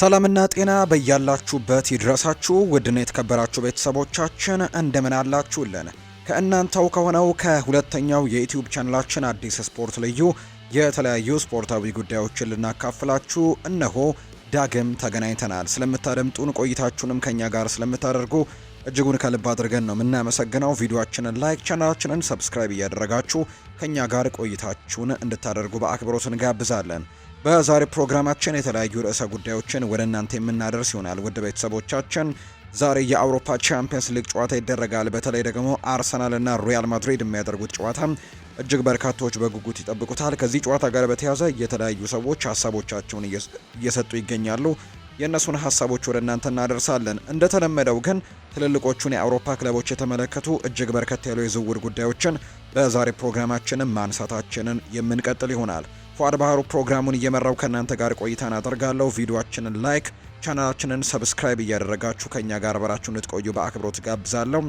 ሰላምና ጤና በያላችሁበት ይድረሳችሁ። ውድና የተከበራችሁ ቤተሰቦቻችን እንደምን አላችሁልን? ከእናንተው ከሆነው ከሁለተኛው የዩትዩብ ቻናላችን አዲስ ስፖርት ልዩ የተለያዩ ስፖርታዊ ጉዳዮችን ልናካፍላችሁ እነሆ ዳግም ተገናኝተናል። ስለምታደምጡን ቆይታችሁንም ከእኛ ጋር ስለምታደርጉ እጅጉን ከልብ አድርገን ነው የምናመሰግነው። ቪዲዮችንን ላይክ፣ ቻናላችንን ሰብስክራይብ እያደረጋችሁ ከእኛ ጋር ቆይታችሁን እንድታደርጉ በአክብሮት እንጋብዛለን። በዛሬ ፕሮግራማችን የተለያዩ ርዕሰ ጉዳዮችን ወደ እናንተ የምናደርስ ይሆናል። ውድ ቤተሰቦቻችን ዛሬ የአውሮፓ ቻምፒየንስ ሊግ ጨዋታ ይደረጋል። በተለይ ደግሞ አርሰናልና ሪያል ማድሪድ የሚያደርጉት ጨዋታ እጅግ በርካታዎች በጉጉት ይጠብቁታል። ከዚህ ጨዋታ ጋር በተያያዘ የተለያዩ ሰዎች ሀሳቦቻቸውን እየሰጡ ይገኛሉ። የእነሱን ሀሳቦች ወደ እናንተ እናደርሳለን። እንደተለመደው ግን ትልልቆቹን የአውሮፓ ክለቦች የተመለከቱ እጅግ በርከት ያሉ የዝውውር ጉዳዮችን በዛሬ ፕሮግራማችንም ማንሳታችንን የምንቀጥል ይሆናል። ፏድ ባህሩ ፕሮግራሙን እየመራው ከእናንተ ጋር ቆይታን አደርጋለሁ። ቪዲዮችንን ላይክ ቻናላችንን ሰብስክራይብ እያደረጋችሁ ከኛ ጋር አብራችሁ እንድትቆዩ በአክብሮት ጋብዛለሁ።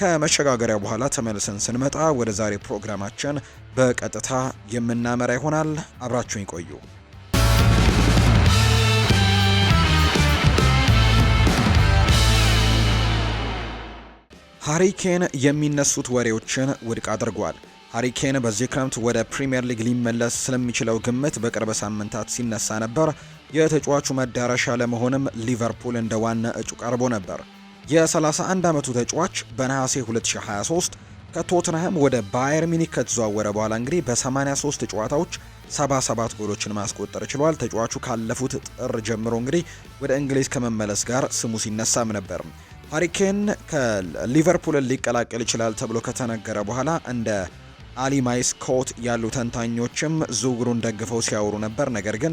ከመሸጋገሪያ በኋላ ተመልሰን ስንመጣ ወደ ዛሬ ፕሮግራማችን በቀጥታ የምናመራ ይሆናል። አብራችሁን ይቆዩ። ሃሪኬን የሚነሱት ወሬዎችን ውድቅ አድርጓል። ሀሪኬን በዚህ ክረምት ወደ ፕሪምየር ሊግ ሊመለስ ስለሚችለው ግምት በቅርብ ሳምንታት ሲነሳ ነበር። የተጫዋቹ መዳረሻ ለመሆንም ሊቨርፑል እንደ ዋና እጩ ቀርቦ ነበር። የ31 ዓመቱ ተጫዋች በነሐሴ 2023 ከቶትንሃም ወደ ባየር ሚኒክ ከተዘዋወረ በኋላ እንግዲህ በ83 ጨዋታዎች 77 ጎሎችን ማስቆጠር ችሏል። ተጫዋቹ ካለፉት ጥር ጀምሮ እንግዲህ ወደ እንግሊዝ ከመመለስ ጋር ስሙ ሲነሳም ነበር። ሀሪኬን ከሊቨርፑልን ሊቀላቀል ይችላል ተብሎ ከተነገረ በኋላ እንደ አሊ ማይስኮት ያሉ ተንታኞችም ዝውውሩን ደግፈው ሲያወሩ ነበር። ነገር ግን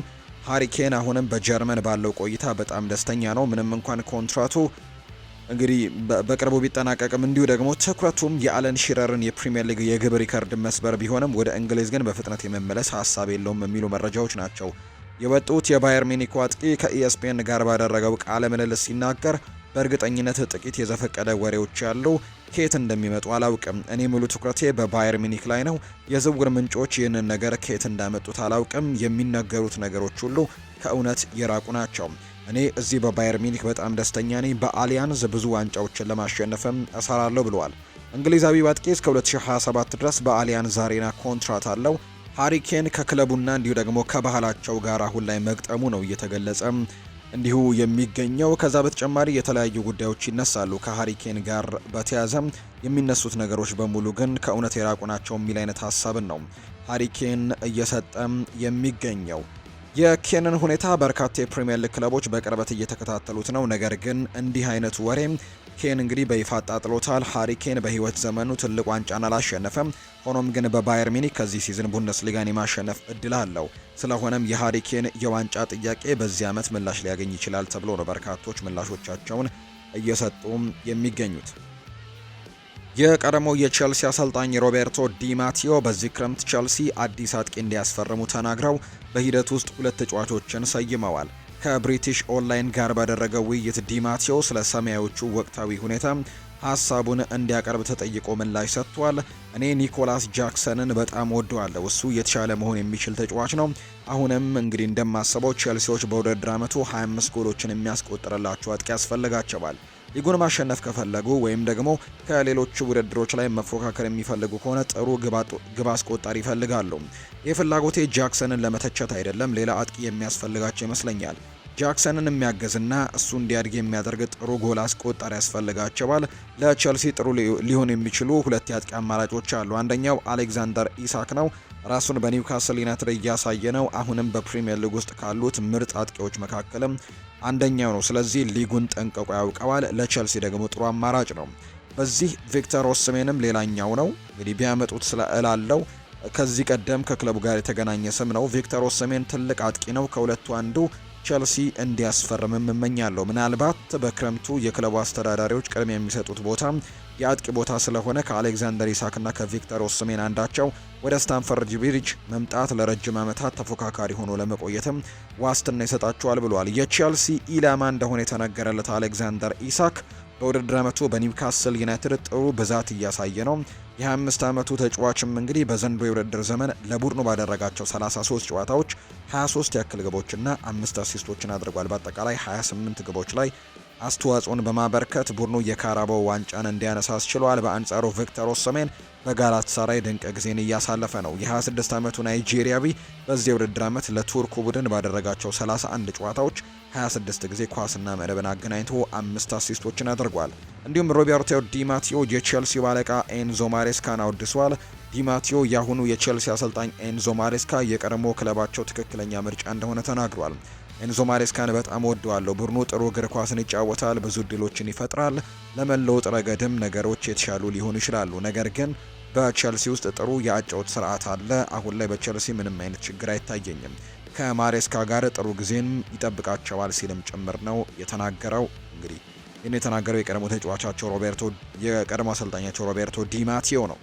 ሃሪኬን አሁንም በጀርመን ባለው ቆይታ በጣም ደስተኛ ነው። ምንም እንኳን ኮንትራቱ እንግዲህ በቅርቡ ቢጠናቀቅም እንዲሁ ደግሞ ትኩረቱም የአለን ሺረርን የፕሪምየር ሊግ የግብ ሪከርድ መስበር ቢሆንም ወደ እንግሊዝ ግን በፍጥነት የመመለስ ሀሳብ የለውም የሚሉ መረጃዎች ናቸው የወጡት። የባየር ሚኒክ አጥቂ ከኢኤስፒኤን ጋር ባደረገው ቃለ ምልልስ ሲናገር በእርግጠኝነት ጥቂት የዘፈቀደ ወሬዎች ያሉ ከየት እንደሚመጡ አላውቅም። እኔ ሙሉ ትኩረቴ በባየር ሚኒክ ላይ ነው። የዝውውር ምንጮች ይህንን ነገር ከየት እንዳመጡት አላውቅም። የሚነገሩት ነገሮች ሁሉ ከእውነት የራቁ ናቸው። እኔ እዚህ በባየር ሚኒክ በጣም ደስተኛ ነኝ። በአሊያንዝ ብዙ ዋንጫዎችን ለማሸነፍም እሰራለሁ ብለዋል። እንግሊዛዊ አጥቂ እስከ 2027 ድረስ በአሊያንዝ አሬና ኮንትራት አለው። ሃሪኬን ከክለቡና እንዲሁ ደግሞ ከባህላቸው ጋር አሁን ላይ መግጠሙ ነው እየተገለጸ እንዲሁ የሚገኘው። ከዛ በተጨማሪ የተለያዩ ጉዳዮች ይነሳሉ ከሀሪኬን ጋር በተያዘም የሚነሱት ነገሮች በሙሉ ግን ከእውነት የራቁ ናቸው የሚል አይነት ሀሳብን ነው ሀሪኬን እየሰጠም የሚገኘው። የኬንን ሁኔታ በርካታ የፕሪምየር ሊግ ክለቦች በቅርበት እየተከታተሉት ነው። ነገር ግን እንዲህ አይነቱ ወሬ ኬን እንግዲህ በይፋ አጣጥሎታል። ሃሪ ኬን በህይወት ዘመኑ ትልቅ ዋንጫን አላሸነፈም። ሆኖም ግን በባየር ሚኒክ ከዚህ ሲዝን ቡንደስሊጋን የማሸነፍ እድል አለው። ስለሆነም የሃሪ ኬን የዋንጫ ጥያቄ በዚህ ዓመት ምላሽ ሊያገኝ ይችላል ተብሎ ነው በርካቶች ምላሾቻቸውን እየሰጡም የሚገኙት። የቀደሞው የቼልሲ አሰልጣኝ ሮቤርቶ ዲማቲዮ በዚህ ክረምት ቼልሲ አዲስ አጥቂ እንዲያስፈርሙ ተናግረው በሂደት ውስጥ ሁለት ተጫዋቾችን ሰይመዋል። ከብሪቲሽ ኦንላይን ጋር ባደረገው ውይይት ዲማቴዮ ስለ ሰማያዎቹ ወቅታዊ ሁኔታ ሀሳቡን እንዲያቀርብ ተጠይቆ ምላሽ ሰጥቷል። እኔ ኒኮላስ ጃክሰንን በጣም ወደዋለሁ። እሱ የተሻለ መሆን የሚችል ተጫዋች ነው። አሁንም እንግዲህ እንደማስበው ቼልሲዎች በውድድር ዓመቱ 25 ጎሎችን የሚያስቆጥርላቸው አጥቂ ያስፈልጋቸዋል። ሊጉን ማሸነፍ ከፈለጉ ወይም ደግሞ ከሌሎቹ ውድድሮች ላይ መፎካከር የሚፈልጉ ከሆነ ጥሩ ግብ አስቆጣሪ ይፈልጋሉ። ይህ ፍላጎቴ ጃክሰንን ለመተቸት አይደለም፣ ሌላ አጥቂ የሚያስፈልጋቸው ይመስለኛል። ጃክሰንን የሚያገዝና እሱ እንዲያድግ የሚያደርግ ጥሩ ጎል አስቆጣሪ ያስፈልጋቸዋል። ለቸልሲ ጥሩ ሊሆን የሚችሉ ሁለት የአጥቂ አማራጮች አሉ። አንደኛው አሌክዛንደር ኢሳክ ነው። ራሱን በኒውካስል ዩናይትድ እያሳየ ነው። አሁንም በፕሪምየር ሊግ ውስጥ ካሉት ምርጥ አጥቂዎች መካከልም አንደኛው ነው። ስለዚህ ሊጉን ጠንቅቆ ያውቀዋል። ለቸልሲ ደግሞ ጥሩ አማራጭ ነው። በዚህ ቪክተር ኦስሜንም ሌላኛው ነው። እንግዲህ ቢያመጡት እላለው ከዚህ ቀደም ከክለቡ ጋር የተገናኘ ስም ነው። ቪክተር ኦስሜን ትልቅ አጥቂ ነው። ከሁለቱ አንዱ ቸልሲ እንዲያስፈርምም እመኛለሁ። ምናልባት በክረምቱ የክለቡ አስተዳዳሪዎች ቅድሚያ የሚሰጡት ቦታ የአጥቂ ቦታ ስለሆነ ከአሌክዛንደር ኢሳክና ከቪክተር ኦስሜን አንዳቸው ወደ ስታንፈርድ ብሪጅ መምጣት ለረጅም ዓመታት ተፎካካሪ ሆኖ ለመቆየትም ዋስትና ይሰጣቸዋል ብሏል። የቼልሲ ኢላማ እንደሆነ የተነገረለት አሌክዛንደር ኢሳክ በውድድር ዓመቱ በኒውካስል ዩናይትድ ጥሩ ብዛት እያሳየ ነው። የ25 ዓመቱ ተጫዋችም እንግዲህ በዘንድሮ የውድድር ዘመን ለቡድኑ ባደረጋቸው 33 ጨዋታዎች 23 ያክል ግቦችና አምስት አሲስቶችን አድርጓል። በአጠቃላይ 28 ግቦች ላይ አስተዋጽኦን በማበርከት ቡድኑ የካራባው ዋንጫን እንዲያነሳ አስችሏል። በአንጻሩ ቪክተር ኦሰሜን በጋላታሳራይ ድንቅ ጊዜን እያሳለፈ ነው። የ26 ዓመቱ ናይጄሪያዊ በዚህ የውድድር ዓመት ለቱርኩ ቡድን ባደረጋቸው 31 ጨዋታዎች 26 ጊዜ ኳስና መረብን አገናኝቶ አምስት አሲስቶችን አድርጓል። እንዲሁም ሮቤርቶ ዲማቲዮ የቼልሲ ባለቃ ኤንዞ ማሬስካን አውድሷል። ዲማቲዮ የአሁኑ የቼልሲ አሰልጣኝ ኤንዞ ማሬስካ የቀድሞ ክለባቸው ትክክለኛ ምርጫ እንደሆነ ተናግሯል። ኤንዞ ማሬስካን በጣም ወደዋለሁ። ቡድኑ ጥሩ እግር ኳስን ይጫወታል፣ ብዙ እድሎችን ይፈጥራል። ለመለወጥ ረገድም ነገሮች የተሻሉ ሊሆኑ ይችላሉ። ነገር ግን በቸልሲ ውስጥ ጥሩ የአጨዋወት ስርዓት አለ። አሁን ላይ በቸልሲ ምንም አይነት ችግር አይታየኝም። ከማሬስካ ጋር ጥሩ ጊዜም ይጠብቃቸዋል ሲልም ጭምር ነው የተናገረው። እንግዲህ ይህን የተናገረው የቀድሞ ተጫዋቻቸው ሮቤርቶ የቀድሞ አሰልጣኛቸው ሮቤርቶ ዲማቲዮ ነው።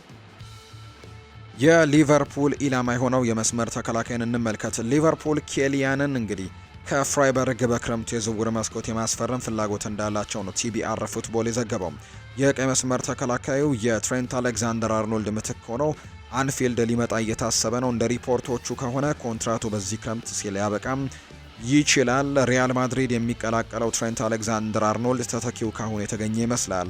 የሊቨርፑል ኢላማ የሆነው የመስመር ተከላካይን እንመልከት። ሊቨርፑል ኬሊያንን እንግዲህ ከፍራይበርግ በክረምቱ የዝውውር መስኮት የማስፈረም ፍላጎት እንዳላቸው ነው ቲቢአር ፉትቦል የዘገበው። የቀይ መስመር ተከላካዩ የትሬንት አሌክዛንደር አርኖልድ ምትክ ሆኖ አንፊልድ ሊመጣ እየታሰበ ነው። እንደ ሪፖርቶቹ ከሆነ ኮንትራቱ በዚህ ክረምት ሲያበቃም ይችላል። ሪያል ማድሪድ የሚቀላቀለው ትሬንት አሌክዛንደር አርኖልድ ተተኪው ካሁን የተገኘ ይመስላል።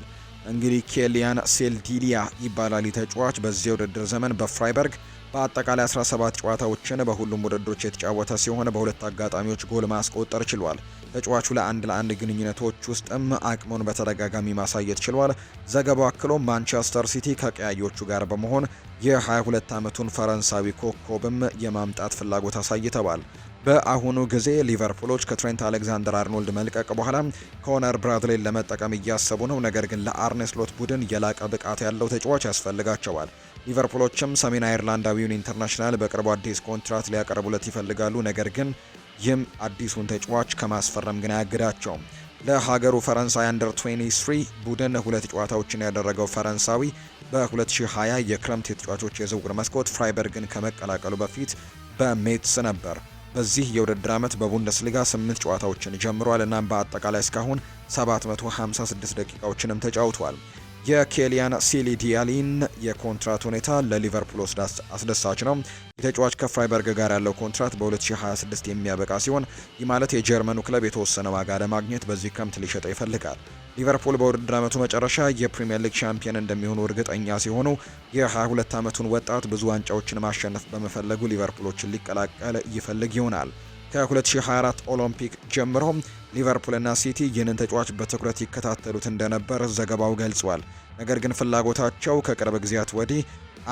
እንግዲህ ኬሊያን ሴልዲሊያ ይባላል ተጫዋች በዚህ ውድድር ዘመን በፍራይበርግ በአጠቃላይ 17 ጨዋታዎችን በሁሉም ውድድሮች የተጫወተ ሲሆን በሁለት አጋጣሚዎች ጎል ማስቆጠር ችሏል። ተጫዋቹ ለአንድ ለአንድ ግንኙነቶች ውስጥም አቅሙን በተደጋጋሚ ማሳየት ችሏል። ዘገባው አክሎ ማንቸስተር ሲቲ ከቀያዮቹ ጋር በመሆን የ22 ዓመቱን ፈረንሳዊ ኮከብም የማምጣት ፍላጎት አሳይተዋል። በአሁኑ ጊዜ ሊቨርፑሎች ከትሬንት አሌክዛንደር አርኖልድ መልቀቅ በኋላ ኮነር ብራድሌን ለመጠቀም እያሰቡ ነው። ነገር ግን ለአርኔስሎት ቡድን የላቀ ብቃት ያለው ተጫዋች ያስፈልጋቸዋል። ሊቨርፑሎችም ሰሜን አይርላንዳዊውን ኢንተርናሽናል በቅርቡ አዲስ ኮንትራት ሊያቀርቡለት ይፈልጋሉ። ነገር ግን ይህም አዲሱን ተጫዋች ከማስፈረም ግን አያግዳቸውም። ለሀገሩ ፈረንሳይ አንደር 23 ቡድን ሁለት ጨዋታዎችን ያደረገው ፈረንሳዊ በ2020 የክረምት የተጫዋቾች የዝውውር መስኮት ፍራይበርግን ከመቀላቀሉ በፊት በሜትስ ነበር። በዚህ የውድድር ዓመት በቡንደስሊጋ 8 ጨዋታዎችን ጀምሯል። እናም በአጠቃላይ እስካሁን 756 ደቂቃዎችንም ተጫውቷል። የኬሊያን ሲሊዲያሊን የኮንትራት ሁኔታ ለሊቨርፑል ወስድ አስደሳች ነው። የተጫዋች ከፍራይበርግ ጋር ያለው ኮንትራት በ2026 የሚያበቃ ሲሆን ይህ ማለት የጀርመኑ ክለብ የተወሰነ ዋጋ ለማግኘት በዚህ ክረምት ሊሸጠው ይፈልጋል። ሊቨርፑል በውድድር ዓመቱ መጨረሻ የፕሪምየር ሊግ ሻምፒየን እንደሚሆኑ እርግጠኛ ሲሆኑ የ22 ዓመቱን ወጣት ብዙ ዋንጫዎችን ማሸነፍ በመፈለጉ ሊቨርፑሎችን ሊቀላቀል ይፈልግ ይሆናል። ከ2024 ኦሎምፒክ ጀምሮ ሊቨርፑልና ሲቲ ይህንን ተጫዋች በትኩረት ይከታተሉት እንደነበር ዘገባው ገልጿል። ነገር ግን ፍላጎታቸው ከቅርብ ጊዜያት ወዲህ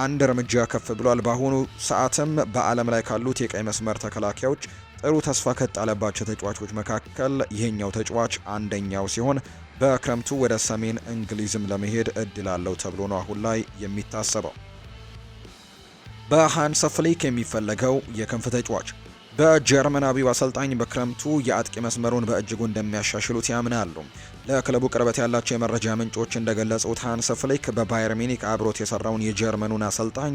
አንድ እርምጃ ከፍ ብሏል። በአሁኑ ሰዓትም በዓለም ላይ ካሉት የቀይ መስመር ተከላካዮች ጥሩ ተስፋ ከጣለባቸው ተጫዋቾች መካከል ይህኛው ተጫዋች አንደኛው ሲሆን በክረምቱ ወደ ሰሜን እንግሊዝም ለመሄድ እድል አለው ተብሎ ነው አሁን ላይ የሚታሰበው። በሃንስ ፍሊክ የሚፈለገው የክንፍ ተጫዋች በጀርመናዊው አሰልጣኝ በክረምቱ የአጥቂ መስመሩን በእጅጉ እንደሚያሻሽሉት ያምናሉ። ለክለቡ ቅርበት ያላቸው የመረጃ ምንጮች እንደገለጹት ሃንስ ፍሊክ በባየር ሚኒክ አብሮት የሰራውን የጀርመኑን አሰልጣኝ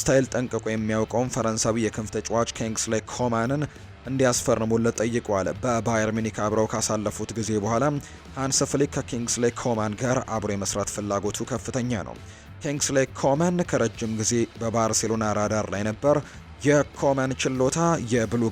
ስታይል ጠንቅቆ የሚያውቀውን ፈረንሳዊ የክንፍ ተጫዋች ኪንግስሌ ኮማንን እንዲያስፈርሙለት ጠይቋል። በባየር ሚኒክ አብረው ካሳለፉት ጊዜ በኋላ ሃንስ ፍሊክ ከኪንግስሌ ኮማን ጋር አብሮ የመስራት ፍላጎቱ ከፍተኛ ነው። ኪንግስሌ ኮማን ከረጅም ጊዜ በባርሴሎና ራዳር ላይ ነበር። የኮመን ችሎታ የብሉ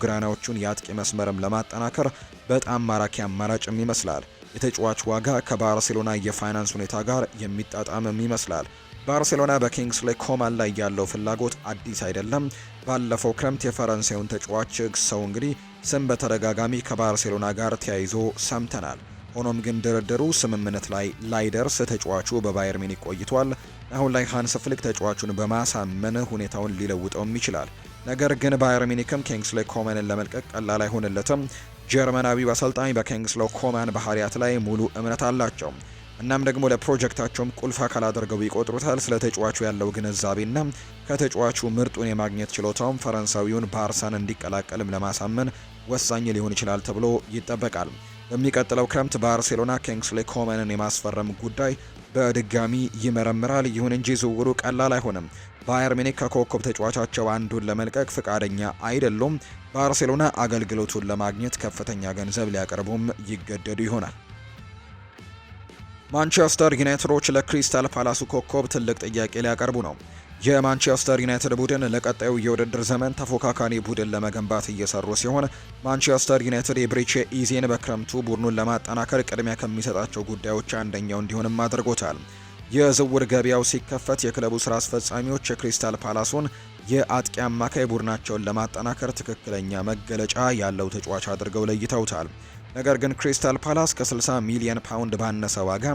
የአጥቂ መስመርም ለማጠናከር በጣም ማራኪ አማራጭም ይመስላል። የተጫዋች ዋጋ ከባርሴሎና የፋይናንስ ሁኔታ ጋር የሚጣጣምም ይመስላል። ባርሴሎና በኪንግስሌ ኮማን ላይ ያለው ፍላጎት አዲስ አይደለም። ባለፈው ክረምት የፈረንሳዩን ተጫዋች ሰው እንግዲህ ስም በተደጋጋሚ ከባርሴሎና ጋር ተያይዞ ሰምተናል። ሆኖም ግን ድርድሩ ስምምነት ላይ ላይደርስ ተጫዋቹ በባየር ሚኒክ ቆይቷል። አሁን ላይ ሃንስ ፍሊክ ተጫዋቹን በማሳመን ሁኔታውን ሊለውጠውም ይችላል። ነገር ግን ባየር ሚኒክም ኪንግስሌ ኮመንን ለመልቀቅ ቀላል አይሆንለትም። ጀርመናዊው አሰልጣኝ በኪንግስሌ ኮመን ባህሪያት ላይ ሙሉ እምነት አላቸው። እናም ደግሞ ለፕሮጀክታቸውም ቁልፍ አካል አድርገው ይቆጥሩታል። ስለ ተጫዋቹ ያለው ግንዛቤና ከተጫዋቹ ምርጡን የማግኘት ችሎታውም ፈረንሳዊውን ባርሳን እንዲቀላቀልም ለማሳመን ወሳኝ ሊሆን ይችላል ተብሎ ይጠበቃል። በሚቀጥለው ክረምት ባርሴሎና ኪንግስሌ ኮመንን የማስፈረም ጉዳይ በድጋሚ ይመረምራል። ይሁን እንጂ ዝውውሩ ቀላል አይሆንም። ባየር ሚኒክ ከኮከብ ተጫዋቻቸው አንዱን ለመልቀቅ ፍቃደኛ አይደሉም። ባርሴሎና አገልግሎቱን ለማግኘት ከፍተኛ ገንዘብ ሊያቀርቡም ይገደዱ ይሆናል። ማንቸስተር ዩናይትዶች ለክሪስታል ፓላሱ ኮከብ ትልቅ ጥያቄ ሊያቀርቡ ነው። የማንቸስተር ዩናይትድ ቡድን ለቀጣዩ የውድድር ዘመን ተፎካካሪ ቡድን ለመገንባት እየሰሩ ሲሆን ማንቸስተር ዩናይትድ የብሪቼ ኢዜን በክረምቱ ቡድኑን ለማጠናከር ቅድሚያ ከሚሰጣቸው ጉዳዮች አንደኛው እንዲሆንም አድርጎታል። የዝውውር ገበያው ሲከፈት የክለቡ ስራ አስፈጻሚዎች የክሪስታል ፓላሶን የአጥቂ አማካይ ቡድናቸውን ለማጠናከር ትክክለኛ መገለጫ ያለው ተጫዋች አድርገው ለይተውታል። ነገር ግን ክሪስታል ፓላስ ከ60 ሚሊዮን ፓውንድ ባነሰ ዋጋ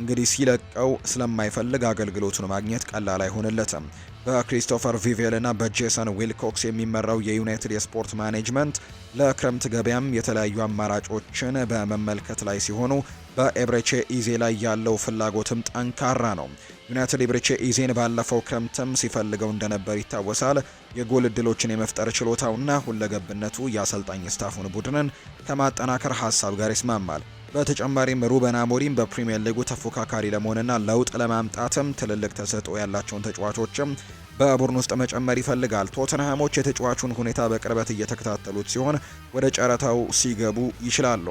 እንግዲህ ሲለቀው ስለማይፈልግ አገልግሎቱን ማግኘት ቀላል አይሆንለትም። በክሪስቶፈር ቪቬል በጄሰን ዊልኮክስ የሚመራው የዩናይትድ የስፖርት ማኔጅመንት ለክረምት ገበያም የተለያዩ አማራጮችን በመመልከት ላይ ሲሆኑ በኤብሬቼ ኢዜ ላይ ያለው ፍላጎትም ጠንካራ ነው። ዩናይትድ ኤብሬቼ ኢዜን ባለፈው ክረምትም ሲፈልገው እንደነበር ይታወሳል። የጎል እድሎችን የመፍጠር ችሎታውና ሁለገብነቱ የአሰልጣኝ ስታፉን ቡድንን ከማጠናከር ሀሳብ ጋር ይስማማል። በተጨማሪም ሩበን አሞሪም በፕሪምየር ሊጉ ተፎካካሪ ለመሆንና ለውጥ ለማምጣትም ትልልቅ ተሰጥኦ ያላቸውን ተጫዋቾችም በቡድን ውስጥ መጨመር ይፈልጋል። ቶተንሃሞች የተጫዋቹን ሁኔታ በቅርበት እየተከታተሉት ሲሆን ወደ ጨረታው ሲገቡ ይችላሉ።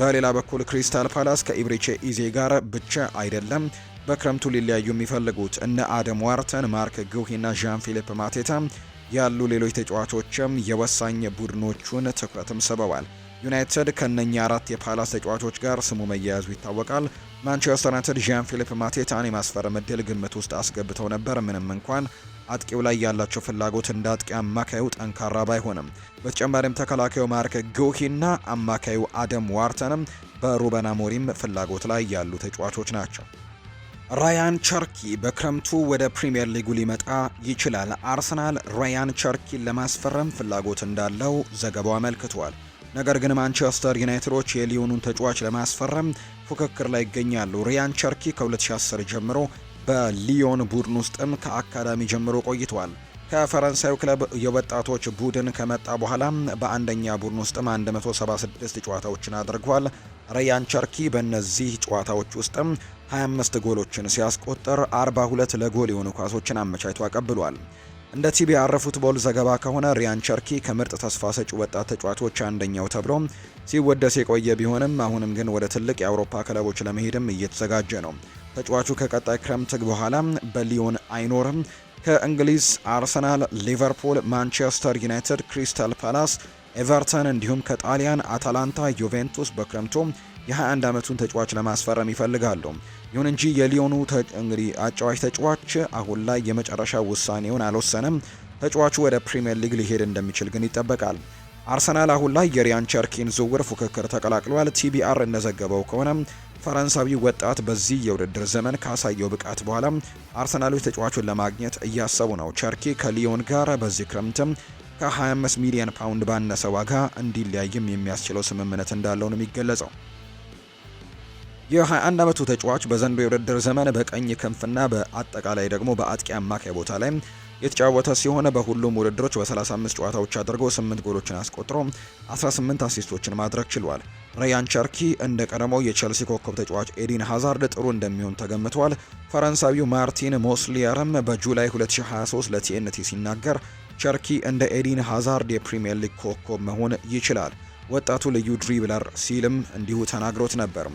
በሌላ በኩል ክሪስታል ፓላስ ከኢብሪቼ ኢዜ ጋር ብቻ አይደለም በክረምቱ ሊለያዩ የሚፈልጉት እነ አደም ዋርተን፣ ማርክ ጉሂና ዣን ፊሊፕ ማቴታ ያሉ ሌሎች ተጫዋቾችም የወሳኝ ቡድኖቹን ትኩረትም ስበዋል። ዩናይትድ ከነኛ አራት የፓላስ ተጫዋቾች ጋር ስሙ መያያዙ ይታወቃል። ማንቸስተር ዩናይትድ ዣን ፊሊፕ ማቴታን የማስፈረም እድል ግምት ውስጥ አስገብተው ነበር። ምንም እንኳን አጥቂው ላይ ያላቸው ፍላጎት እንደ አጥቂ አማካዩ ጠንካራ ባይሆንም በተጨማሪም ተከላካዩ ማርክ ጉሂና አማካዩ አደም ዋርተንም በሩበን አሞሪም ፍላጎት ላይ ያሉ ተጫዋቾች ናቸው። ራያን ቸርኪ በክረምቱ ወደ ፕሪምየር ሊጉ ሊመጣ ይችላል። አርሰናል ራያን ቸርኪን ለማስፈረም ፍላጎት እንዳለው ዘገባው አመልክቷል። ነገር ግን ማንቸስተር ዩናይትዶች የሊዮኑን ተጫዋች ለማስፈረም ፉክክር ላይ ይገኛሉ። ሪያን ቸርኪ ከ2010 ጀምሮ በሊዮን ቡድን ውስጥም ከአካዳሚ ጀምሮ ቆይቷል። ከፈረንሳዩ ክለብ የወጣቶች ቡድን ከመጣ በኋላ በአንደኛ ቡድን ውስጥም 176 ጨዋታዎችን አድርጓል። ሪያን ቸርኪ በእነዚህ ጨዋታዎች ውስጥም 25 ጎሎችን ሲያስቆጥር 42 ለጎል የሆኑ ኳሶችን አመቻችቶ አቀብሏል። እንደ ቲቢአር ፉትቦል ዘገባ ከሆነ ሪያን ቸርኪ ከምርጥ ተስፋ ሰጪ ወጣት ተጫዋቾች አንደኛው ተብሎ ሲወደስ የቆየ ቢሆንም አሁንም ግን ወደ ትልቅ የአውሮፓ ክለቦች ለመሄድም እየተዘጋጀ ነው። ተጫዋቹ ከቀጣይ ክረምት በኋላ በሊዮን አይኖርም። ከእንግሊዝ አርሰናል፣ ሊቨርፑል፣ ማንቸስተር ዩናይትድ፣ ክሪስታል ፓላስ፣ ኤቨርተን እንዲሁም ከጣሊያን አታላንታ፣ ዩቬንቱስ በክረምቱ የ21 ዓመቱን ተጫዋች ለማስፈረም ይፈልጋሉ። ይሁን እንጂ የሊዮኑ እንግዲህ አጫዋች ተጫዋች አሁን ላይ የመጨረሻ ውሳኔውን አልወሰነም። ተጫዋቹ ወደ ፕሪምየር ሊግ ሊሄድ እንደሚችል ግን ይጠበቃል። አርሰናል አሁን ላይ የሪያን ቸርኪን ዝውውር ፉክክር ተቀላቅሏል። ቲቢአር እንደዘገበው ከሆነ ፈረንሳዊ ወጣት በዚህ የውድድር ዘመን ካሳየው ብቃት በኋላ አርሰናሎች ተጫዋቹን ለማግኘት እያሰቡ ነው። ቸርኪ ከሊዮን ጋር በዚህ ክረምትም ከ25 ሚሊዮን ፓውንድ ባነሰ ዋጋ እንዲለያይም የሚያስችለው ስምምነት እንዳለው ነው የሚገለጸው። የ21 ዓመቱ ተጫዋች በዘንድሮው የውድድር ዘመን በቀኝ ክንፍና በአጠቃላይ ደግሞ በአጥቂ አማካይ ቦታ ላይ የተጫወተ ሲሆን በሁሉም ውድድሮች በ35 ጨዋታዎች አድርጎ 8 ጎሎችን አስቆጥሮ 18 አሲስቶችን ማድረግ ችሏል። ራያን ቸርኪ እንደ ቀደመው የቼልሲ ኮከብ ተጫዋች ኤዲን ሃዛርድ ጥሩ እንደሚሆን ተገምቷል። ፈረንሳዊው ማርቲን ሞስሊየርም በጁላይ 2023 ለቲኤንቲ ሲናገር ቸርኪ እንደ ኤዲን ሃዛርድ የፕሪምየር ሊግ ኮከብ መሆን ይችላል፣ ወጣቱ ልዩ ድሪብለር ሲልም እንዲሁ ተናግሮት ነበር።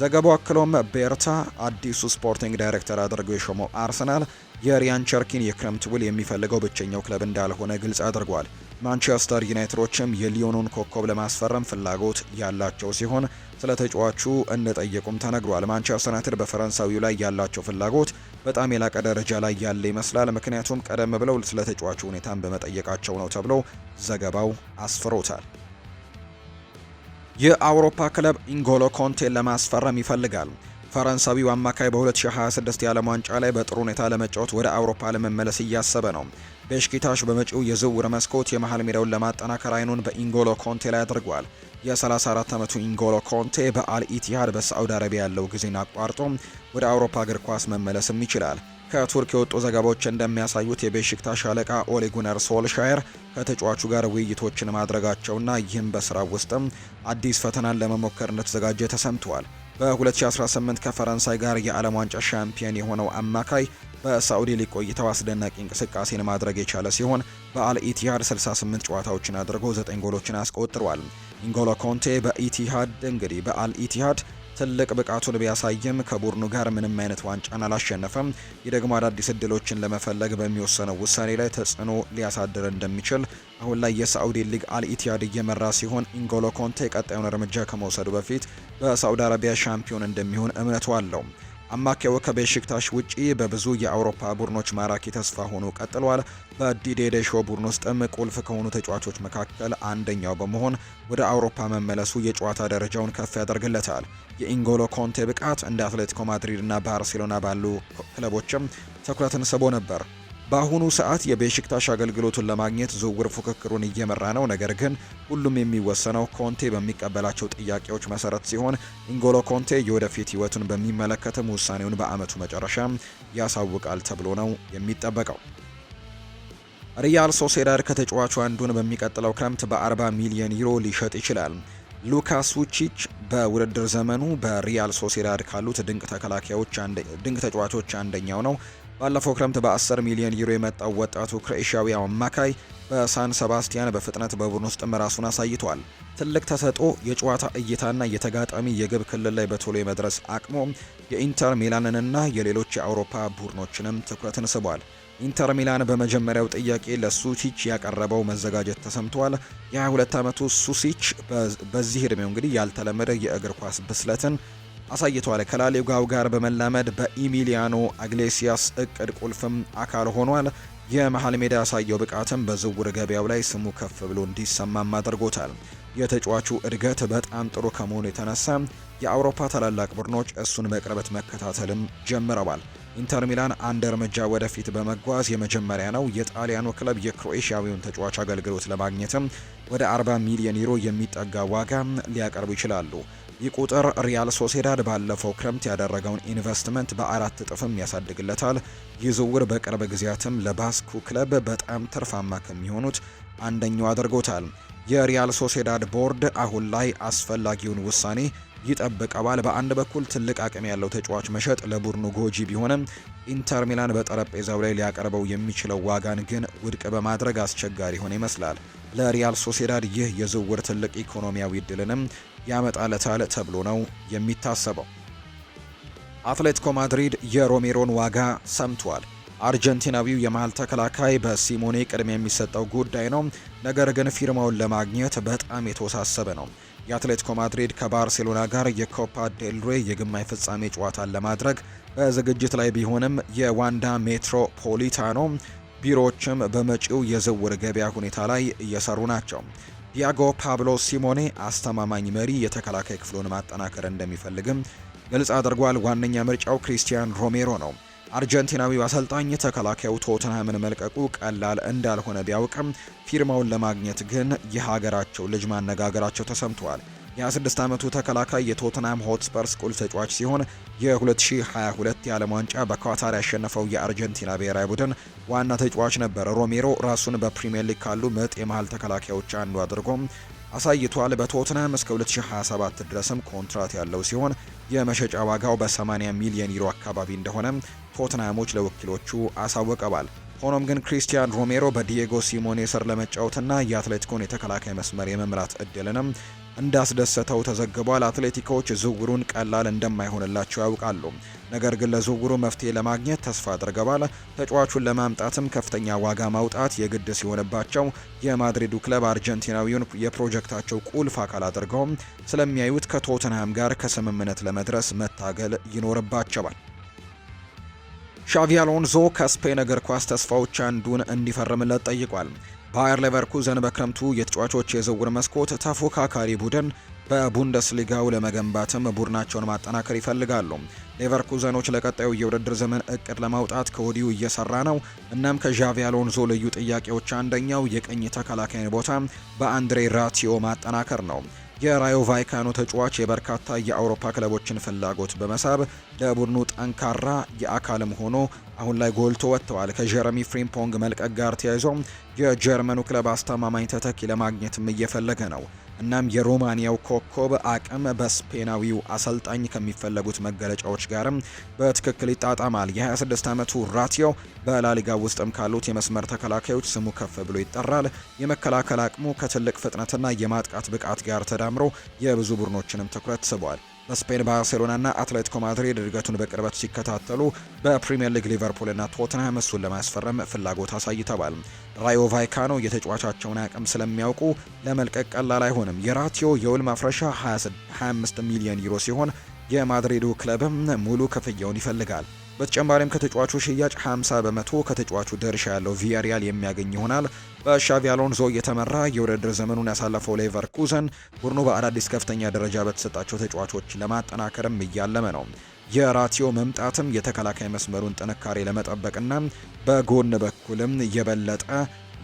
ዘገባው አክሎም ቤርታ አዲሱ ስፖርቲንግ ዳይሬክተር አድርገው የሾመው አርሰናል የሪያን ቸርኪን የክረምት ውል የሚፈልገው ብቸኛው ክለብ እንዳልሆነ ግልጽ አድርጓል። ማንቸስተር ዩናይትዶችም የሊዮኑን ኮከብ ለማስፈረም ፍላጎት ያላቸው ሲሆን ስለ ተጫዋቹ እንደጠየቁም ተነግሯል። ማንቸስተር ዩናይትድ በፈረንሳዊው ላይ ያላቸው ፍላጎት በጣም የላቀ ደረጃ ላይ ያለ ይመስላል፣ ምክንያቱም ቀደም ብለው ስለ ተጫዋቹ ሁኔታን በመጠየቃቸው ነው ተብሎ ዘገባው አስፍሮታል። የአውሮፓ ክለብ ኢንጎሎ ኮንቴን ለማስፈረም ይፈልጋል። ፈረንሳዊው አማካይ በ2026 የዓለም ዋንጫ ላይ በጥሩ ሁኔታ ለመጫወት ወደ አውሮፓ ለመመለስ እያሰበ ነው። ቤሽኪታሽ በመጪው የዝውውር መስኮት የመሀል ሜዳውን ለማጠናከር አይኑን በኢንጎሎ ኮንቴ ላይ አድርጓል። የ34 ዓመቱ ኢንጎሎ ኮንቴ በአልኢቲሃድ በሳዑዲ አረቢያ ያለው ጊዜን አቋርጦ ወደ አውሮፓ እግር ኳስ መመለስም ይችላል። ከቱርክ የወጡ ዘገባዎች እንደሚያሳዩት የቤሽክታሽ አለቃ ኦሌጉነር ሶልሻየር ከተጫዋቹ ጋር ውይይቶችን ማድረጋቸውና ይህም በስራው ውስጥም አዲስ ፈተናን ለመሞከር እንደተዘጋጀ ተሰምተዋል። በ2018 ከፈረንሳይ ጋር የዓለም ዋንጫ ሻምፒየን የሆነው አማካይ በሳዑዲ ሊግ ቆይተው አስደናቂ እንቅስቃሴን ማድረግ የቻለ ሲሆን በአልኢቲሃድ 68 ጨዋታዎችን አድርጎ 9 ጎሎችን አስቆጥሯል። ኢንጎሎ ኮንቴ በኢቲሃድ እንግዲህ በአልኢቲሃድ ትልቅ ብቃቱን ቢያሳይም ከቡድኑ ጋር ምንም አይነት ዋንጫን አላሸነፈም። ይህ ደግሞ አዳዲስ እድሎችን ለመፈለግ በሚወሰነው ውሳኔ ላይ ተጽዕኖ ሊያሳድር እንደሚችል አሁን ላይ የሳዑዲ ሊግ አልኢትያድ እየመራ ሲሆን ኢንጎሎ ኮንቴ ቀጣዩን እርምጃ ከመውሰዱ በፊት በሳዑዲ አረቢያ ሻምፒዮን እንደሚሆን እምነቱ አለው። አማካዩ ከቤሽክታሽ ውጪ በብዙ የአውሮፓ ቡድኖች ማራኪ ተስፋ ሆኖ ቀጥሏል። በዲዴዴሾ ቡድን ውስጥም ቁልፍ ከሆኑ ተጫዋቾች መካከል አንደኛው በመሆን ወደ አውሮፓ መመለሱ የጨዋታ ደረጃውን ከፍ ያደርግለታል። የኢንጎሎ ኮንቴ ብቃት እንደ አትሌቲኮ ማድሪድ እና ባርሴሎና ባሉ ክለቦችም ትኩረትን ስቦ ነበር። በአሁኑ ሰዓት የቤሽክታሽ አገልግሎቱን ለማግኘት ዝውውር ፉክክሩን እየመራ ነው። ነገር ግን ሁሉም የሚወሰነው ኮንቴ በሚቀበላቸው ጥያቄዎች መሰረት ሲሆን ኢንጎሎ ኮንቴ የወደፊት ህይወቱን በሚመለከትም ውሳኔውን በአመቱ መጨረሻ ያሳውቃል ተብሎ ነው የሚጠበቀው። ሪያል ሶሴዳድ ከተጫዋቹ አንዱን በሚቀጥለው ክረምት በ40 ሚሊዮን ዩሮ ሊሸጥ ይችላል። ሉካስ ውቺች በውድድር ዘመኑ በሪያል ሶሴዳድ ካሉት ድንቅ ተከላካዮች ድንቅ ተጫዋቾች አንደኛው ነው። ባለፈው ክረምት በ10 ሚሊዮን ዩሮ የመጣው ወጣቱ ክሮኤሽያዊ አማካይ በሳን ሰባስቲያን በፍጥነት በቡድን ውስጥ ራሱን አሳይቷል። ትልቅ ተሰጦ የጨዋታ እይታና የተጋጣሚ የግብ ክልል ላይ በቶሎ የመድረስ አቅሞ የኢንተር ሚላንንና የሌሎች የአውሮፓ ቡድኖችንም ትኩረትን ስቧል። ኢንተር ሚላን በመጀመሪያው ጥያቄ ለሱሲች ያቀረበው መዘጋጀት ተሰምቷል። የ22 ዓመቱ ሱሲች በዚህ ዕድሜው እንግዲህ ያልተለመደ የእግር ኳስ ብስለትን አሳይቷል። ከላሊጋው ጋር በመላመድ በኢሚሊያኖ አግሌሲያስ እቅድ ቁልፍም አካል ሆኗል። የመሀል ሜዳ ያሳየው ብቃትም በዝውውር ገበያው ላይ ስሙ ከፍ ብሎ እንዲሰማም አድርጎታል። የተጫዋቹ እድገት በጣም ጥሩ ከመሆኑ የተነሳ የአውሮፓ ታላላቅ ቡድኖች እሱን በቅርበት መከታተልም ጀምረዋል። ኢንተር ሚላን አንድ እርምጃ ወደፊት በመጓዝ የመጀመሪያ ነው። የጣሊያኑ ክለብ የክሮኤሽያዊውን ተጫዋች አገልግሎት ለማግኘትም ወደ 40 ሚሊዮን ዩሮ የሚጠጋ ዋጋ ሊያቀርቡ ይችላሉ። ይህ ቁጥር ሪያል ሶሴዳድ ባለፈው ክረምት ያደረገውን ኢንቨስትመንት በአራት እጥፍም ያሳድግለታል። ይህ ዝውውር በቅርብ ጊዜያትም ለባስኩ ክለብ በጣም ትርፋማ ከሚሆኑት አንደኛው አድርጎታል። የሪያል ሶሴዳድ ቦርድ አሁን ላይ አስፈላጊውን ውሳኔ ይጠብቀዋል። በአንድ በኩል ትልቅ አቅም ያለው ተጫዋች መሸጥ ለቡድኑ ጎጂ ቢሆንም ኢንተር ሚላን በጠረጴዛው ላይ ሊያቀርበው የሚችለው ዋጋን ግን ውድቅ በማድረግ አስቸጋሪ ሆነ ይመስላል። ለሪያል ሶሴዳድ ይህ የዝውውር ትልቅ ኢኮኖሚያዊ ድልንም ያመጣለታል ተብሎ ነው የሚታሰበው። አትሌቲኮ ማድሪድ የሮሜሮን ዋጋ ሰምቷል። አርጀንቲናዊው የመሃል ተከላካይ በሲሞኔ ቅድሚያ የሚሰጠው ጉዳይ ነው። ነገር ግን ፊርማውን ለማግኘት በጣም የተወሳሰበ ነው። የአትሌቲኮ ማድሪድ ከባርሴሎና ጋር የኮፓ ዴልሬ የግማሽ ፍጻሜ ጨዋታን ለማድረግ በዝግጅት ላይ ቢሆንም የዋንዳ ሜትሮፖሊታኖ ቢሮዎችም በመጪው የዝውውር ገበያ ሁኔታ ላይ እየሰሩ ናቸው። ዲያጎ ፓብሎ ሲሞኔ አስተማማኝ መሪ የተከላካይ ክፍሉን ማጠናከር እንደሚፈልግም ግልጽ አድርጓል። ዋነኛ ምርጫው ክሪስቲያን ሮሜሮ ነው። አርጀንቲናዊው አሰልጣኝ ተከላካዩ ቶትንሃምን መልቀቁ ቀላል እንዳልሆነ ቢያውቅም ፊርማውን ለማግኘት ግን የሀገራቸው ልጅ ማነጋገራቸው ተሰምተዋል። የ26 ዓመቱ ተከላካይ የቶትናም ሆትስፐርስ ቁልፍ ተጫዋች ሲሆን የ2022 የዓለም ዋንጫ በኳታር ያሸነፈው የአርጀንቲና ብሔራዊ ቡድን ዋና ተጫዋች ነበር። ሮሜሮ ራሱን በፕሪምየር ሊግ ካሉ ምርጥ የመሃል ተከላካዮች አንዱ አድርጎም አሳይቷል። በቶትናም እስከ 2027 ድረስም ኮንትራት ያለው ሲሆን የመሸጫ ዋጋው በ80 ሚሊዮን ዩሮ አካባቢ እንደሆነ ቶትናሞች ለወኪሎቹ አሳውቀዋል። ሆኖም ግን ክሪስቲያን ሮሜሮ በዲየጎ ሲሞኔ ስር ለመጫወትና የአትሌቲኮን የተከላካይ መስመር የመምራት እድልንም እንዳስደሰተው ተዘግቧል። አትሌቲኮች ዝውውሩን ቀላል እንደማይሆንላቸው ያውቃሉ። ነገር ግን ለዝውውሩ መፍትሄ ለማግኘት ተስፋ አድርገዋል። ተጫዋቹን ለማምጣትም ከፍተኛ ዋጋ ማውጣት የግድ ሲሆንባቸው የማድሪዱ ክለብ አርጀንቲናዊውን የፕሮጀክታቸው ቁልፍ አካል አድርገውም ስለሚያዩት ከቶተንሃም ጋር ከስምምነት ለመድረስ መታገል ይኖርባቸዋል። ሻቪ አሎንዞ ከስፔን እግር ኳስ ተስፋዎች አንዱን እንዲፈርምለት ጠይቋል። ባየር ሌቨርኩዘን በክረምቱ የተጫዋቾች የዝውውር መስኮት ተፎካካሪ ቡድን በቡንደስሊጋው ለመገንባትም ቡድናቸውን ማጠናከር ይፈልጋሉ። ሌቨርኩዘኖች ለቀጣዩ የውድድር ዘመን እቅድ ለማውጣት ከወዲሁ እየሰራ ነው። እናም ከዣቪ አሎንዞ ልዩ ጥያቄዎች አንደኛው የቀኝ ተከላካይን ቦታ በአንድሬ ራቲዮ ማጠናከር ነው። የራዮ ቫይካኖ ተጫዋች የበርካታ የአውሮፓ ክለቦችን ፍላጎት በመሳብ ለቡድኑ ጠንካራ የአካልም ሆኖ አሁን ላይ ጎልቶ ወጥተዋል። ከጀረሚ ፍሪምፖንግ መልቀቅ ጋር ተያይዞ የጀርመኑ ክለብ አስተማማኝ ተተኪ ለማግኘትም እየፈለገ ነው። እናም የሮማንያው ኮከብ አቅም በስፔናዊው አሰልጣኝ ከሚፈለጉት መገለጫዎች ጋርም በትክክል ይጣጣማል። የ26 ዓመቱ ራቲዮ በላሊጋ ውስጥም ካሉት የመስመር ተከላካዮች ስሙ ከፍ ብሎ ይጠራል። የመከላከል አቅሙ ከትልቅ ፍጥነትና የማጥቃት ብቃት ጋር ተዳምሮ የብዙ ቡድኖችንም ትኩረት ስቧል። ስፔን ባርሴሎናና አትሌቲኮ ማድሪድ እድገቱን በቅርበት ሲከታተሉ በፕሪምየር ሊግ ሊቨርፑልና ቶትንሃም እሱን ለማስፈረም ፍላጎት አሳይተዋል። ራዮ ቫይካኖ የተጫዋቻቸውን አቅም ስለሚያውቁ ለመልቀቅ ቀላል አይሆንም። የራቲዮ የውል ማፍረሻ 25 ሚሊዮን ዩሮ ሲሆን የማድሪዱ ክለብም ሙሉ ክፍያውን ይፈልጋል። በተጨማሪም ከተጫዋቹ ሽያጭ 50 በመቶ ከተጫዋቹ ድርሻ ያለው ቪያሪያል የሚያገኝ ይሆናል። በሻቪ አሎንሶ እየተመራ የውድድር ዘመኑን ያሳለፈው ሌቨርኩዘን ቡድኑ በአዳዲስ ከፍተኛ ደረጃ በተሰጣቸው ተጫዋቾች ለማጠናከርም እያለመ ነው። የራቲዮ መምጣትም የተከላካይ መስመሩን ጥንካሬ ለመጠበቅና በጎን በኩልም የበለጠ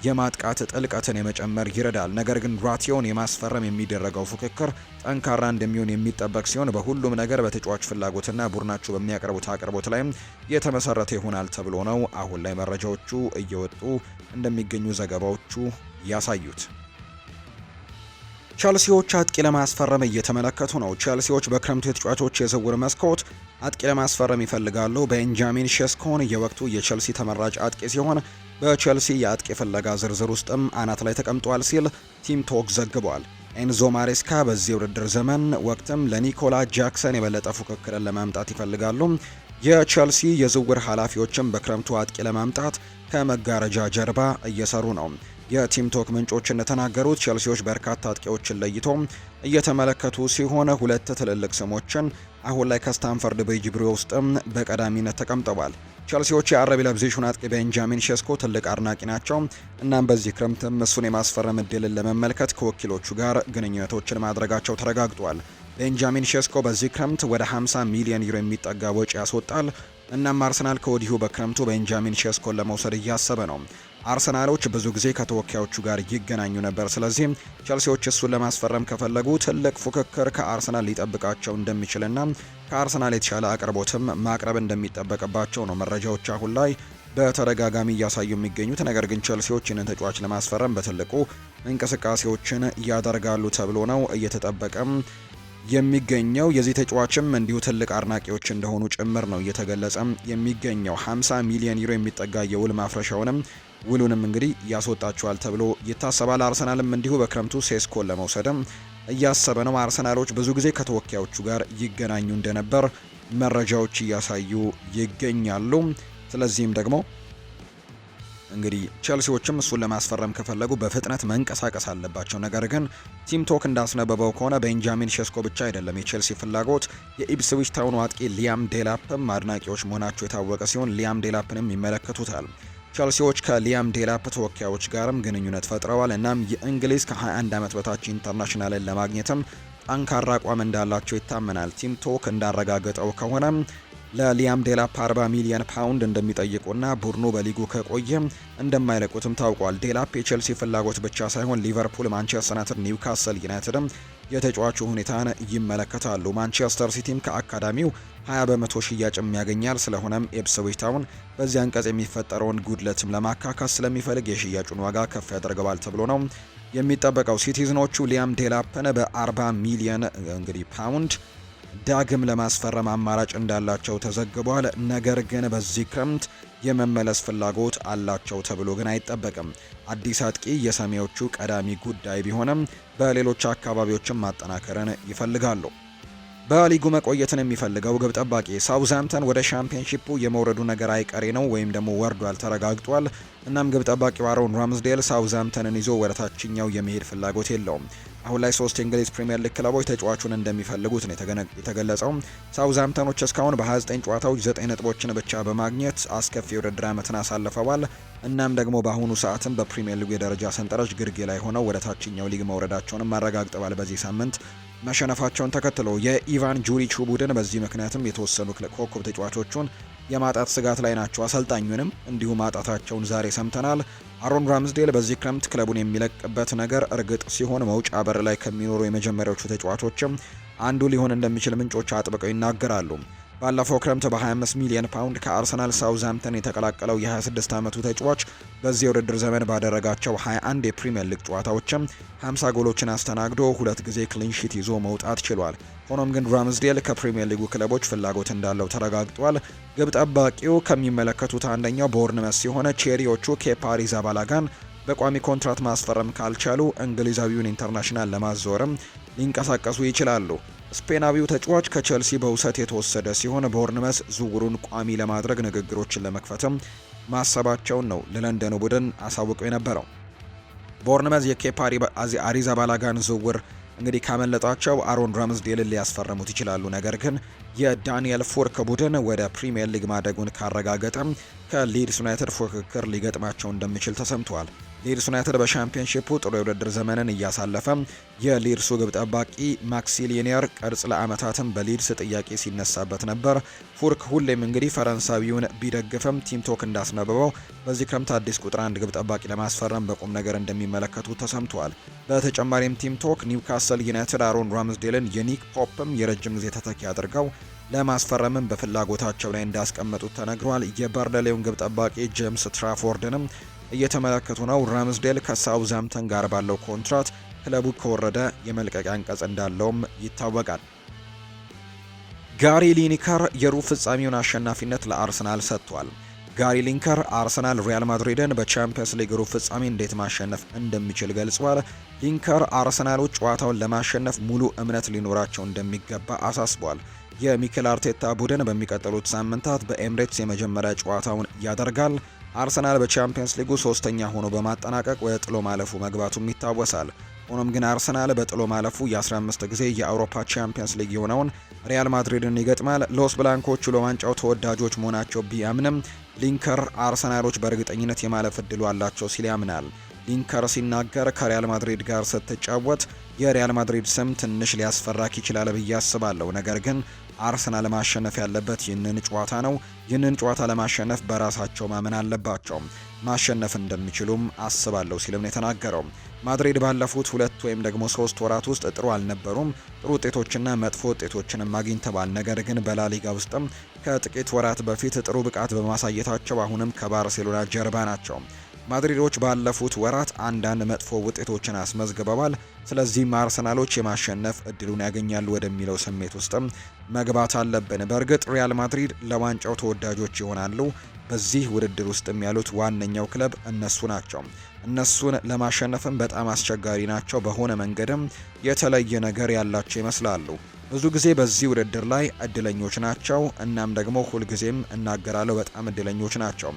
የማጥቃት ጥልቀትን የመጨመር ይረዳል። ነገር ግን ራቲዮን የማስፈረም የሚደረገው ፉክክር ጠንካራ እንደሚሆን የሚጠበቅ ሲሆን በሁሉም ነገር በተጫዋች ፍላጎትና ቡድናችሁ በሚያቀርቡት አቅርቦት ላይ የተመሰረተ ይሆናል ተብሎ ነው አሁን ላይ መረጃዎቹ እየወጡ እንደሚገኙ ዘገባዎቹ ያሳዩት። ቸልሲዎች አጥቂ ለማስፈረም እየተመለከቱ ነው። ቸልሲዎች በክረምቱ የተጫዋቾች የዝውውር መስኮት አጥቂ ለማስፈረም ይፈልጋሉ። ቤንጃሚን ሼስኮን የወቅቱ የቸልሲ ተመራጭ አጥቂ ሲሆን በቸልሲ የአጥቂ ፍለጋ ዝርዝር ውስጥም አናት ላይ ተቀምጧል ሲል ቲም ቶክ ዘግቧል። ኤንዞ ማሬስካ በዚህ የውድድር ዘመን ወቅትም ለኒኮላ ጃክሰን የበለጠ ፉክክርን ለማምጣት ይፈልጋሉ። የቼልሲ የዝውውር ኃላፊዎችም በክረምቱ አጥቂ ለማምጣት ከመጋረጃ ጀርባ እየሰሩ ነው። የቲም ቶክ ምንጮች እንደተናገሩት ቼልሲዎች በርካታ አጥቂዎችን ለይቶ እየተመለከቱ ሲሆን ሁለት ትልልቅ ስሞችን አሁን ላይ ከስታንፈርድ ብሪጅ ውስጥም በቀዳሚነት ተቀምጠዋል። ቸልሲዎች የአረብ ለብዜሹን አጥቂ ቤንጃሚን ሸስኮ ትልቅ አድናቂ ናቸው። እናም በዚህ ክረምትም እሱን የማስፈረም እድልን ለመመልከት ከወኪሎቹ ጋር ግንኙነቶችን ማድረጋቸው ተረጋግጧል። ቤንጃሚን ሸስኮ በዚህ ክረምት ወደ 50 ሚሊዮን ዩሮ የሚጠጋ ወጪ ያስወጣል። እናም አርሰናል ከወዲሁ በክረምቱ ቤንጃሚን ሸስኮን ለመውሰድ እያሰበ ነው። አርሰናሎች ብዙ ጊዜ ከተወካዮቹ ጋር ይገናኙ ነበር። ስለዚህም ቸልሲዎች እሱን ለማስፈረም ከፈለጉ ትልቅ ፉክክር ከአርሰናል ሊጠብቃቸው እንደሚችልና ከአርሰናል የተሻለ አቅርቦትም ማቅረብ እንደሚጠበቅባቸው ነው መረጃዎች አሁን ላይ በተደጋጋሚ እያሳዩ የሚገኙት። ነገር ግን ቸልሲዎች ይህንን ተጫዋች ለማስፈረም በትልቁ እንቅስቃሴዎችን ያደርጋሉ ተብሎ ነው እየተጠበቀም የሚገኘው የዚህ ተጫዋችም እንዲሁ ትልቅ አድናቂዎች እንደሆኑ ጭምር ነው እየተገለጸም የሚገኘው 50 ሚሊዮን ዩሮ የሚጠጋ የውል ማፍረሻውንም ውሉንም እንግዲህ ያስወጣቸዋል ተብሎ ይታሰባል። አርሰናልም እንዲሁ በክረምቱ ሴስኮን ለመውሰድም እያሰበ ነው። አርሰናሎች ብዙ ጊዜ ከተወካዮቹ ጋር ይገናኙ እንደነበር መረጃዎች እያሳዩ ይገኛሉ። ስለዚህም ደግሞ እንግዲህ ቸልሲዎችም እሱን ለማስፈረም ከፈለጉ በፍጥነት መንቀሳቀስ አለባቸው። ነገር ግን ቲም ቶክ እንዳስነበበው ከሆነ ቤንጃሚን ሸስኮ ብቻ አይደለም የቸልሲ ፍላጎት። የኢፕስዊች ታውኑ አጥቂ ሊያም ዴላፕም አድናቂዎች መሆናቸው የታወቀ ሲሆን ሊያም ዴላፕንም ይመለከቱታል። ቸልሲዎች ከሊያም ዴላፕ ተወካዮች ጋርም ግንኙነት ፈጥረዋል። እናም የእንግሊዝ ከ21 ዓመት በታች ኢንተርናሽናልን ለማግኘትም ጠንካራ አቋም እንዳላቸው ይታመናል። ቲም ቶክ እንዳረጋገጠው ከሆነም። ለሊያም ዴላፕ 40 ሚሊዮን ፓውንድ እንደሚጠይቁና ቡድኑ በሊጉ ከቆየ እንደማይለቁትም ታውቋል። ዴላፕ የቼልሲ ፍላጎት ብቻ ሳይሆን ሊቨርፑል፣ ማንቸስተር ዩናይትድ፣ ኒውካስል ዩናይትድም የተጫዋቹ ሁኔታን ይመለከታሉ። ማንቸስተር ሲቲም ከአካዳሚው 20 በመቶ ሽያጭም ያገኛል። ስለሆነም ኤፕስዊች ታውን በዚህ አንቀጽ የሚፈጠረውን ጉድለትም ለማካካስ ስለሚፈልግ የሽያጩን ዋጋ ከፍ ያደርገዋል ተብሎ ነው የሚጠበቀው። ሲቲዝኖቹ ሊያም ዴላፕን በ40 ሚሊዮን እንግዲህ ፓውንድ ዳግም ለማስፈረም አማራጭ እንዳላቸው ተዘግቧል። ነገር ግን በዚህ ክረምት የመመለስ ፍላጎት አላቸው ተብሎ ግን አይጠበቅም። አዲስ አጥቂ የሰሜዎቹ ቀዳሚ ጉዳይ ቢሆንም በሌሎች አካባቢዎችም ማጠናከርን ይፈልጋሉ። በሊጉ መቆየትን የሚፈልገው ግብ ጠባቂ ሳውዛምተን ወደ ሻምፒዮንሺፑ የመውረዱ ነገር አይቀሬ ነው ወይም ደግሞ ወርዷል ተረጋግጧል። እናም ግብ ጠባቂው አሮን ራምስዴል ሳውዛምተንን ይዞ ወደ ታችኛው የመሄድ ፍላጎት የለውም። አሁን ላይ ሶስት የእንግሊዝ ፕሪምየር ሊግ ክለቦች ተጫዋቹን እንደሚፈልጉት ነው የተገለጸው። ሳውዛምፕተኖች እስካሁን በ29 ጨዋታዎች 9 ነጥቦችን ብቻ በማግኘት አስከፊ የውድድር ዓመትን አሳልፈዋል። እናም ደግሞ በአሁኑ ሰዓትም በፕሪምየር ሊጉ የደረጃ ሰንጠረዥ ግርጌ ላይ ሆነው ወደ ታችኛው ሊግ መውረዳቸውንም አረጋግጠዋል። በዚህ ሳምንት መሸነፋቸውን ተከትሎ የኢቫን ጁሪቹ ቡድን በዚህ ምክንያትም የተወሰኑ ኮከብ ተጫዋቾቹን የማጣት ስጋት ላይ ናቸው። አሰልጣኙንም እንዲሁ ማጣታቸውን ዛሬ ሰምተናል። አሮን ራምስዴል በዚህ ክረምት ክለቡን የሚለቅበት ነገር እርግጥ ሲሆን መውጫ በር ላይ ከሚኖሩ የመጀመሪያዎቹ ተጫዋቾችም አንዱ ሊሆን እንደሚችል ምንጮች አጥብቀው ይናገራሉ። ባለፈው ክረምት በ25 ሚሊዮን ፓውንድ ከአርሰናል ሳውዝሃምፕተን የተቀላቀለው የ26 ዓመቱ ተጫዋች በዚህ የውድድር ዘመን ባደረጋቸው 21 የፕሪምየር ሊግ ጨዋታዎችም 50 ጎሎችን አስተናግዶ ሁለት ጊዜ ክሊንሺት ይዞ መውጣት ችሏል። ሆኖም ግን ራምስዴል ከፕሪምየር ሊጉ ክለቦች ፍላጎት እንዳለው ተረጋግጧል። ግብ ጠባቂው ከሚመለከቱት አንደኛው ቦርንመስ ሲሆን ቼሪዎቹ ኬፓሪ አሪዛባላጋን በቋሚ ኮንትራት ማስፈረም ካልቻሉ እንግሊዛዊውን ኢንተርናሽናል ለማዞርም ሊንቀሳቀሱ ይችላሉ። ስፔናዊው ተጫዋች ከቼልሲ በውሰት የተወሰደ ሲሆን ቦርንመስ ዝውውሩን ቋሚ ለማድረግ ንግግሮችን ለመክፈትም ማሰባቸውን ነው ለለንደኑ ቡድን አሳውቀው የነበረው። ቦርንመዝ የኬፓ አሪዛባላጋን ዝውውር እንግዲህ ካመለጣቸው አሮን ራምስዴልን ሊያስፈረሙት ይችላሉ። ነገር ግን የዳንኤል ፎርክ ቡድን ወደ ፕሪምየር ሊግ ማደጉን ካረጋገጠም ከሊድስ ዩናይትድ ፉክክር ሊገጥማቸው እንደሚችል ተሰምቷል። ሊድስ ዩናይትድ በሻምፒዮንሺፑ ጥሩ የውድድር ዘመንን እያሳለፈ የሊድሱ ግብ ጠባቂ ማክሲሊኒየር ቅርጽ ለአመታትም በሊድስ ጥያቄ ሲነሳበት ነበር። ፉርክ ሁሌም እንግዲህ ፈረንሳዊውን ቢደግፍም ቲምቶክ እንዳስነበበው በዚህ ክረምት አዲስ ቁጥር አንድ ግብ ጠባቂ ለማስፈረም በቁም ነገር እንደሚመለከቱ ተሰምቷል። በተጨማሪም ቲምቶክ ኒውካስል ዩናይትድ አሮን ራምስዴልን የኒክ ፖፕም የረጅም ጊዜ ተተኪ አድርገው ለማስፈረምም በፍላጎታቸው ላይ እንዳስቀመጡት ተነግሯል። የበርደሌውን ግብ ጠባቂ ጄምስ ትራፎርድንም እየተመለከቱ ነው። ራምስዴል ከሳውዝሃምተን ጋር ባለው ኮንትራት ክለቡ ከወረደ የመልቀቂያ አንቀጽ እንዳለውም ይታወቃል። ጋሪ ሊኒከር የሩብ ፍጻሜውን አሸናፊነት ለአርሰናል ሰጥቷል። ጋሪ ሊንከር አርሰናል ሪያል ማድሪድን በቻምፒየንስ ሊግ ሩብ ፍጻሜ እንዴት ማሸነፍ እንደሚችል ገልጿል። ሊንከር አርሰናሎች ጨዋታውን ለማሸነፍ ሙሉ እምነት ሊኖራቸው እንደሚገባ አሳስቧል። የሚኬል አርቴታ ቡድን በሚቀጥሉት ሳምንታት በኤምሬትስ የመጀመሪያ ጨዋታውን ያደርጋል። አርሰናል በቻምፒየንስ ሊጉ ሶስተኛ ሆኖ በማጠናቀቅ ወደ ጥሎ ማለፉ መግባቱም ይታወሳል። ሆኖም ግን አርሰናል በጥሎ ማለፉ የ15 ጊዜ የአውሮፓ ቻምፒየንስ ሊግ የሆነውን ሪያል ማድሪድን ይገጥማል። ሎስ ብላንኮቹ ለዋንጫው ተወዳጆች መሆናቸው ቢያምንም ሊንከር አርሰናሎች በእርግጠኝነት የማለፍ እድሉ አላቸው ሲል ያምናል። ሊንከር ሲናገር ከሪያል ማድሪድ ጋር ስትጫወት የሪያል ማድሪድ ስም ትንሽ ሊያስፈራክ ይችላል ብዬ አስባለሁ። ነገር ግን አርሰናል ማሸነፍ ያለበት ይህንን ጨዋታ ነው። ይህንን ጨዋታ ለማሸነፍ በራሳቸው ማመን አለባቸው። ማሸነፍ እንደሚችሉም አስባለሁ ሲልም ነው የተናገረው። ማድሪድ ባለፉት ሁለት ወይም ደግሞ ሶስት ወራት ውስጥ ጥሩ አልነበሩም። ጥሩ ውጤቶችና መጥፎ ውጤቶችንም አግኝተዋል። ነገር ግን በላሊጋ ውስጥም ከጥቂት ወራት በፊት ጥሩ ብቃት በማሳየታቸው አሁንም ከባርሴሎና ጀርባ ናቸው። ማድሪዶች ባለፉት ወራት አንዳንድ መጥፎ ውጤቶችን አስመዝግበዋል። ስለዚህም አርሰናሎች የማሸነፍ እድሉን ያገኛሉ ወደሚለው ስሜት ውስጥም መግባት አለብን። በእርግጥ ሪያል ማድሪድ ለዋንጫው ተወዳጆች ይሆናሉ። በዚህ ውድድር ውስጥም ያሉት ዋነኛው ክለብ እነሱ ናቸው። እነሱን ለማሸነፍም በጣም አስቸጋሪ ናቸው። በሆነ መንገድም የተለየ ነገር ያላቸው ይመስላሉ። ብዙ ጊዜ በዚህ ውድድር ላይ እድለኞች ናቸው። እናም ደግሞ ሁልጊዜም እናገራለሁ፣ በጣም እድለኞች ናቸው።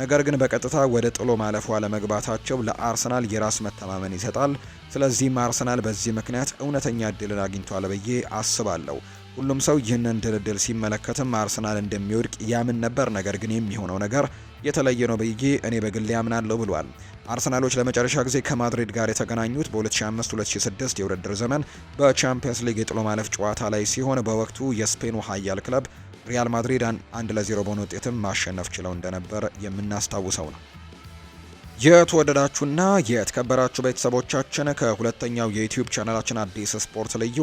ነገር ግን በቀጥታ ወደ ጥሎ ማለፉ አለመግባታቸው ለአርሰናል የራስ መተማመን ይሰጣል። ስለዚህም አርሰናል በዚህ ምክንያት እውነተኛ እድልን አግኝቷል ብዬ አስባለሁ። ሁሉም ሰው ይህንን ድልድል ሲመለከትም አርሰናል እንደሚወድቅ ያምን ነበር፣ ነገር ግን የሚሆነው ነገር የተለየ ነው ብዬ እኔ በግሌ ያምናለሁ ብሏል። አርሰናሎች ለመጨረሻ ጊዜ ከማድሪድ ጋር የተገናኙት በ2005-2006 የውድድር ዘመን በቻምፒየንስ ሊግ የጥሎ ማለፍ ጨዋታ ላይ ሲሆን በወቅቱ የስፔኑ ኃያል ክለብ ሪያል ማድሪድ አንድ ለዜሮ በሆነ ውጤትም ማሸነፍ ችለው እንደነበር የምናስታውሰው ነው። የተወደዳችሁና የተከበራችሁ ቤተሰቦቻችን ከሁለተኛው የዩትዩብ ቻናላችን አዲስ ስፖርት ልዩ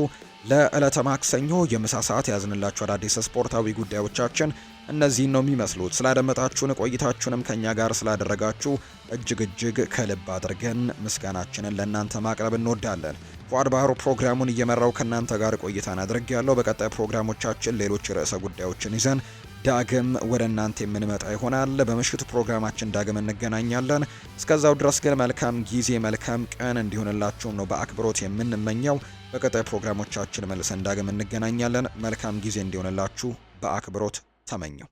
ለዕለተ ማክሰኞ የምሳ ሰዓት ያዝንላችሁ አዳዲስ ስፖርታዊ ጉዳዮቻችን እነዚህን ነው የሚመስሉት። ስላደመጣችሁን ቆይታችሁንም ከእኛ ጋር ስላደረጋችሁ እጅግ እጅግ ከልብ አድርገን ምስጋናችንን ለእናንተ ማቅረብ እንወዳለን። ፏድ ባህሩ ፕሮግራሙን እየመራው ከእናንተ ጋር ቆይታን አድርግ ያለው። በቀጣይ ፕሮግራሞቻችን ሌሎች ርዕሰ ጉዳዮችን ይዘን ዳግም ወደ እናንተ የምንመጣ ይሆናል። በምሽቱ ፕሮግራማችን ዳግም እንገናኛለን። እስከዛው ድረስ ግን መልካም ጊዜ፣ መልካም ቀን እንዲሆንላችሁም ነው በአክብሮት የምንመኘው። በቀጣይ ፕሮግራሞቻችን መልሰን እንዳገም እንገናኛለን። መልካም ጊዜ እንዲሆንላችሁ በአክብሮት ተመኘው።